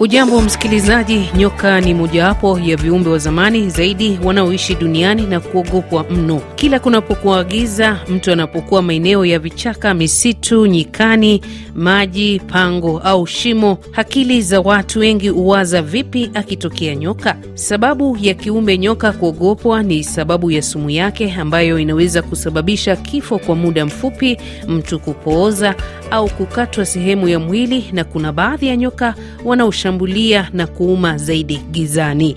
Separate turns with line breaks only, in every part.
Ujambo msikilizaji, nyoka ni mojawapo ya viumbe wa zamani zaidi wanaoishi duniani na kuogopwa mno. Kila kunapokuwa giza, mtu anapokuwa maeneo ya vichaka, misitu, nyikani, maji, pango au shimo, akili za watu wengi huwaza vipi akitokea nyoka. Sababu ya kiumbe nyoka kuogopwa ni sababu ya sumu yake ambayo inaweza kusababisha kifo kwa muda mfupi, mtu kupooza au kukatwa sehemu ya mwili, na kuna baadhi ya nyoka wanaoshambulia na kuuma zaidi gizani.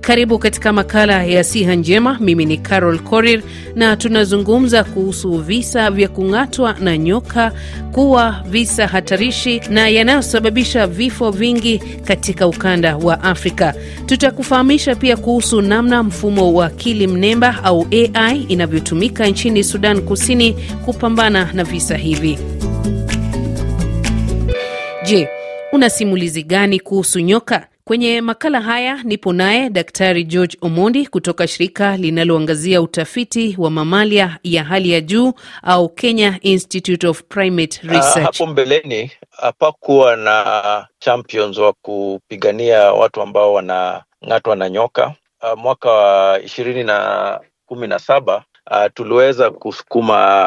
Karibu katika makala ya siha njema. Mimi ni Carol Korir na tunazungumza kuhusu visa vya kung'atwa na nyoka kuwa visa hatarishi na yanayosababisha vifo vingi katika ukanda wa Afrika. Tutakufahamisha pia kuhusu namna mfumo wa akili mnemba au AI inavyotumika nchini Sudan Kusini kupambana na visa hivi. Je, una simulizi gani kuhusu nyoka? Kwenye makala haya nipo naye Daktari George Omondi kutoka shirika linaloangazia utafiti wa mamalia ya hali ya juu au Kenya Institute of Primate ah, Research.
hapo mbeleni hapakuwa na champions wa kupigania watu ambao wanang'atwa na nyoka. Ah, mwaka wa ishirini na kumi na saba ah, tuliweza kusukuma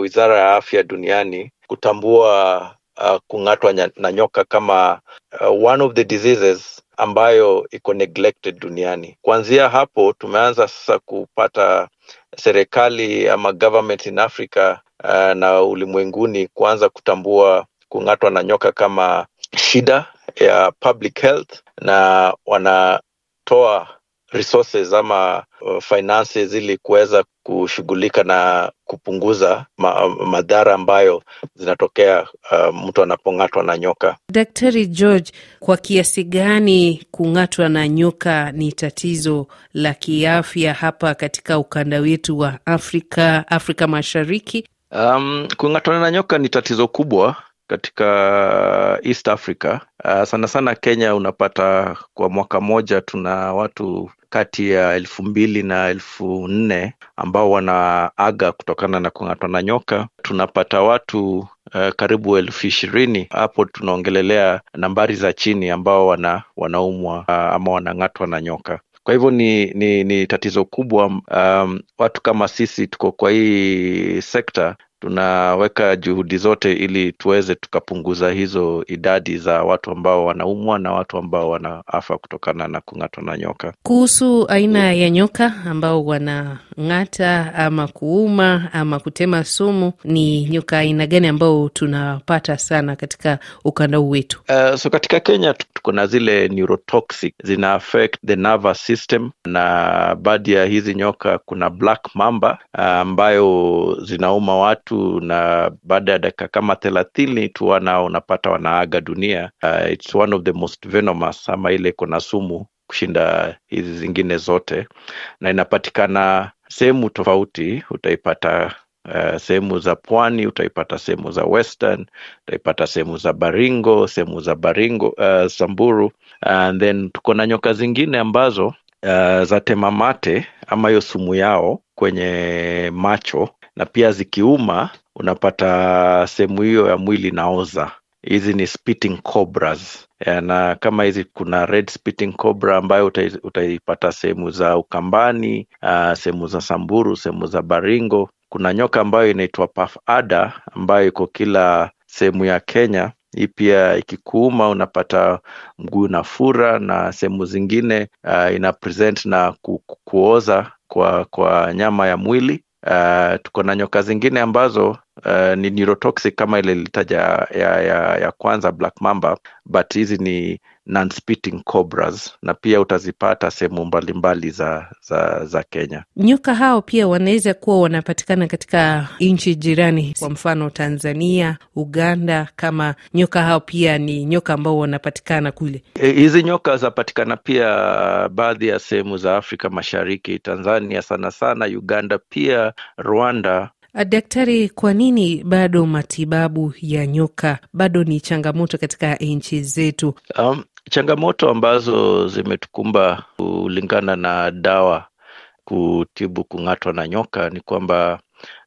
Wizara ya Afya Duniani kutambua uh, kung'atwa na nyoka kama uh, one of the diseases ambayo iko neglected duniani. Kuanzia hapo tumeanza sasa kupata serikali ama government in Africa uh, na ulimwenguni kuanza kutambua kung'atwa na nyoka kama shida ya public health na wanatoa resources ama uh, finances ili kuweza kushughulika na kupunguza ma, madhara ambayo zinatokea uh, mtu anapong'atwa na nyoka.
Daktari George, kwa kiasi gani kung'atwa na nyoka ni tatizo la kiafya hapa katika ukanda wetu wa Afrika, Afrika Mashariki?
Um, kung'atwa na nyoka ni tatizo kubwa katika East Africa uh, sana sana Kenya, unapata kwa mwaka moja tuna watu kati ya elfu mbili na elfu nne ambao wanaaga kutokana na kung'atwa na nyoka. Tunapata watu uh, karibu elfu ishirini hapo, tunaongelelea nambari za chini ambao wana, wanaumwa uh, ama wanang'atwa na nyoka. Kwa hivyo ni, ni, ni tatizo kubwa. Um, watu kama sisi tuko kwa hii sekta tunaweka juhudi zote ili tuweze tukapunguza hizo idadi za watu ambao wanaumwa na watu ambao wanaafa kutokana na kung'atwa na nyoka.
Kuhusu aina ya nyoka ambao wanang'ata ama kuuma ama kutema sumu, ni nyoka aina gani ambao tunapata sana katika ukanda huu wetu?
Uh, so katika Kenya tuko na zile neurotoxic zina affect the nervous system, na baadhi ya hizi nyoka kuna black mamba eh, ambayo uh, zinauma watu tatu na baada ya dakika kama thelathini tu wanao unapata wanaaga dunia. Uh, it's one of the most venomous, ama ile iko na sumu kushinda hizi zingine zote, na inapatikana sehemu tofauti. Utaipata uh, sehemu za pwani, utaipata sehemu za western, utaipata sehemu za Baringo, sehemu za Baringo uh, Samburu, and then tuko na nyoka zingine ambazo uh, za temamate ama hiyo sumu yao kwenye macho na pia zikiuma unapata sehemu hiyo ya mwili naoza. Hizi ni spitting cobras na kama hizi kuna red spitting cobra ambayo utaipata sehemu za Ukambani, uh, sehemu za Samburu, sehemu za Baringo. Kuna nyoka ambayo inaitwa puff adder ambayo iko kila sehemu ya Kenya. Hii pia ikikuuma unapata mguu na fura na sehemu zingine uh, ina present na ku, kuoza kwa, kwa nyama ya mwili Eh, tuko na nyoka zingine ambazo uh, ni neurotoxic kama ile litaja ya, ya, ya kwanza black mamba, but hizi ni non-spitting cobras na pia utazipata sehemu mbalimbali za, za, za Kenya.
Nyoka hao pia wanaweza kuwa wanapatikana katika nchi jirani, kwa mfano Tanzania, Uganda. Kama nyoka hao pia ni nyoka ambao wanapatikana kule.
Eh, hizi e, nyoka zapatikana pia baadhi ya sehemu za Afrika Mashariki, Tanzania sana sana, Uganda pia Rwanda
Uh, daktari, kwa nini bado matibabu ya nyoka bado ni changamoto katika nchi zetu?
Um, changamoto ambazo zimetukumba kulingana na dawa kutibu kung'atwa na nyoka ni kwamba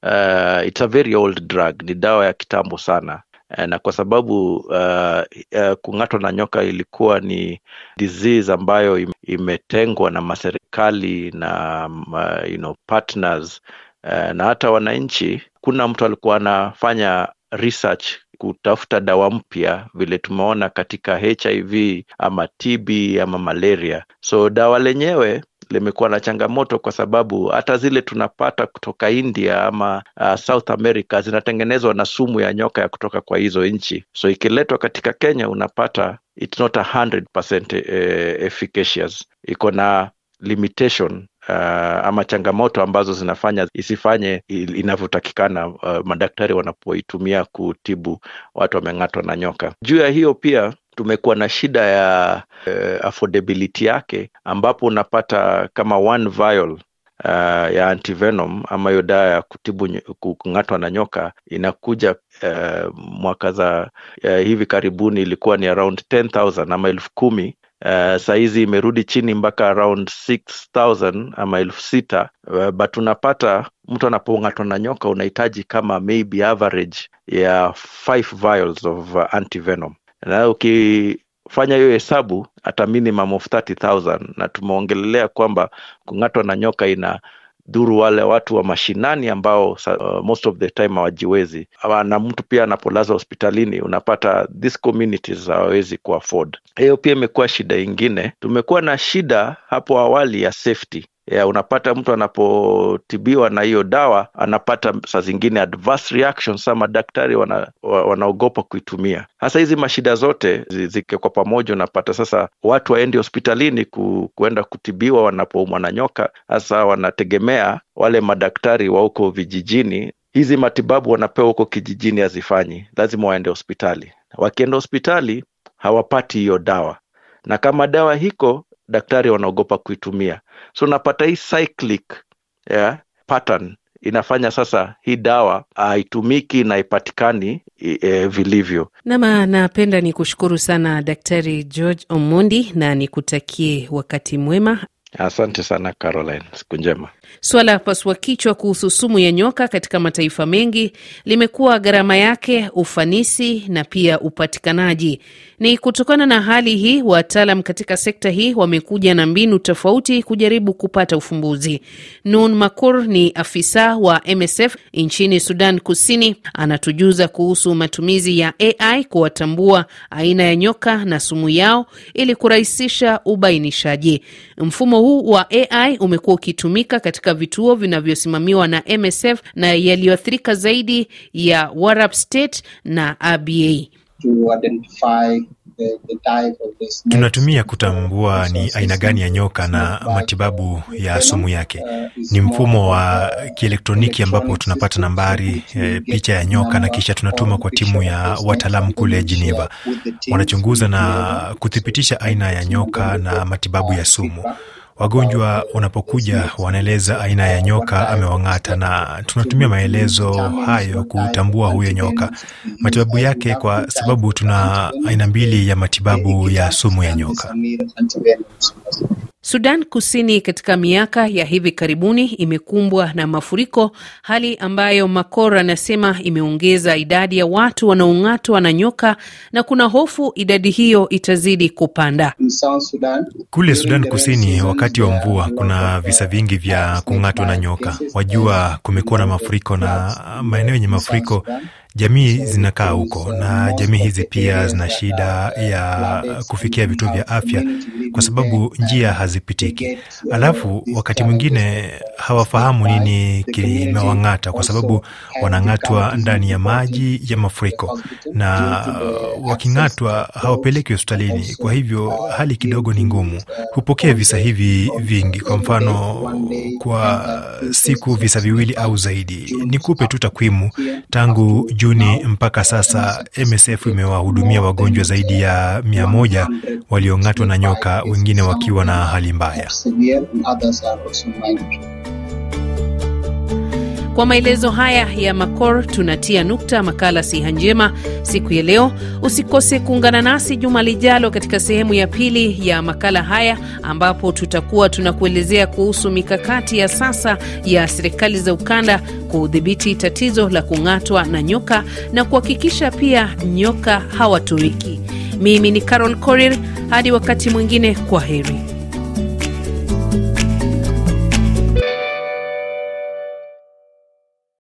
uh, it's a very old drug, ni dawa ya kitambo sana uh, na kwa sababu uh, uh, kung'atwa na nyoka ilikuwa ni disease ambayo imetengwa na maserikali na uh, you know, partners Eh, na hata wananchi. Kuna mtu alikuwa anafanya research kutafuta dawa mpya, vile tumeona katika HIV ama TB ama malaria. So dawa lenyewe limekuwa na changamoto kwa sababu hata zile tunapata kutoka India ama uh, South America zinatengenezwa na sumu ya nyoka ya kutoka kwa hizo nchi, so ikiletwa katika Kenya unapata it's not 100% eh, efficacious, iko na limitation uh, ama changamoto ambazo zinafanya isifanye inavyotakikana uh, madaktari wanapoitumia kutibu watu wameng'atwa na nyoka. Juu ya hiyo pia tumekuwa na shida ya uh, affordability yake, ambapo unapata kama one vial Uh, ya antivenom ama hiyo dawa ya kutibu kung'atwa na nyoka inakuja uh, mwaka za uh, hivi karibuni ilikuwa ni around 10,000 ama elfu kumi Eh, sahizi imerudi chini mpaka around 6000 ama elfu sita uh, but unapata mtu anapong'atwa na nyoka unahitaji kama maybe average ya 5 vials of uh, antivenom na ukifanya hiyo hesabu hata minimum of 30000 na tumeongelelea kwamba kung'atwa na nyoka ina dhuru wale watu wa mashinani ambao uh, most of the time hawajiwezi, na mtu pia anapolaza hospitalini unapata these communities hawawezi ku Hiyo pia imekuwa shida ingine. Tumekuwa na shida hapo awali ya safety ya eh, unapata mtu anapotibiwa na hiyo dawa anapata saa zingine adverse reactions, madaktari wana, wanaogopa kuitumia. Hasa hizi mashida zote zike kwa pamoja, unapata sasa watu waendi hospitalini ku, kuenda kutibiwa wanapoumwa na nyoka, hasa wanategemea wale madaktari wa huko vijijini. Hizi matibabu wanapewa huko kijijini hazifanyi, lazima waende hospitali. Wakienda hospitali hawapati hiyo dawa, na kama dawa hiko daktari wanaogopa kuitumia. So unapata hii cyclic yeah, pattern inafanya sasa hii dawa haitumiki na ipatikani e, vilivyo.
Nama napenda ni kushukuru sana Daktari George Omondi na nikutakie wakati mwema.
Asante sana Caroline, siku njema.
Suala la pasua kichwa kuhusu sumu ya nyoka katika mataifa mengi limekuwa gharama yake, ufanisi na pia upatikanaji. Ni kutokana na hali hii, wataalam katika sekta hii wamekuja na mbinu tofauti kujaribu kupata ufumbuzi. Nun Makur ni afisa wa MSF nchini Sudan Kusini, anatujuza kuhusu matumizi ya AI kuwatambua aina ya nyoka na sumu yao ili kurahisisha ubainishaji. Mfumo Mfumo huu wa AI umekuwa ukitumika katika vituo vinavyosimamiwa na MSF na yaliyoathirika zaidi ya Warab State na RBA.
tunatumia kutambua ni aina gani ya nyoka na matibabu ya uh, sumu yake. Ni mfumo wa kielektroniki ambapo tunapata nambari e, picha ya nyoka na kisha tunatuma kwa timu ya wataalamu kule uh, Geneva. Wanachunguza na kuthibitisha aina ya nyoka na matibabu ya sumu. Wagonjwa wanapokuja wanaeleza aina ya nyoka amewang'ata, na tunatumia maelezo hayo kutambua huyo nyoka, matibabu yake, kwa sababu tuna aina mbili ya matibabu ya sumu ya nyoka.
Sudan Kusini katika miaka ya hivi karibuni imekumbwa na mafuriko, hali ambayo Makor anasema imeongeza idadi ya watu wanaong'atwa na nyoka na kuna hofu idadi hiyo itazidi kupanda.
Kule Sudan Kusini, wakati wa mvua kuna visa vingi vya kung'atwa na nyoka. Wajua, kumekuwa na mafuriko na maeneo yenye mafuriko jamii zinakaa huko, na jamii hizi pia zina shida ya kufikia vituo vya afya kwa sababu njia hazipitiki. Alafu wakati mwingine hawafahamu nini kimewang'ata, kwa sababu wanang'atwa ndani ya maji ya mafuriko, na waking'atwa hawapeleki hospitalini. Kwa hivyo hali kidogo ni ngumu. Hupokea visa hivi vingi, kwa mfano kwa siku visa viwili au zaidi. Nikupe tu takwimu, tangu Juni mpaka sasa MSF imewahudumia wagonjwa zaidi ya mia moja waliong'atwa na nyoka, wengine wakiwa na hali mbaya.
Kwa maelezo haya ya Makor tunatia nukta makala siha njema siku ya leo. Usikose kuungana nasi juma lijalo katika sehemu ya pili ya makala haya, ambapo tutakuwa tunakuelezea kuhusu mikakati ya sasa ya serikali za ukanda kudhibiti tatizo la kung'atwa na nyoka na kuhakikisha pia nyoka hawatowiki. Mimi ni Carol Korir, hadi wakati mwingine, kwa heri.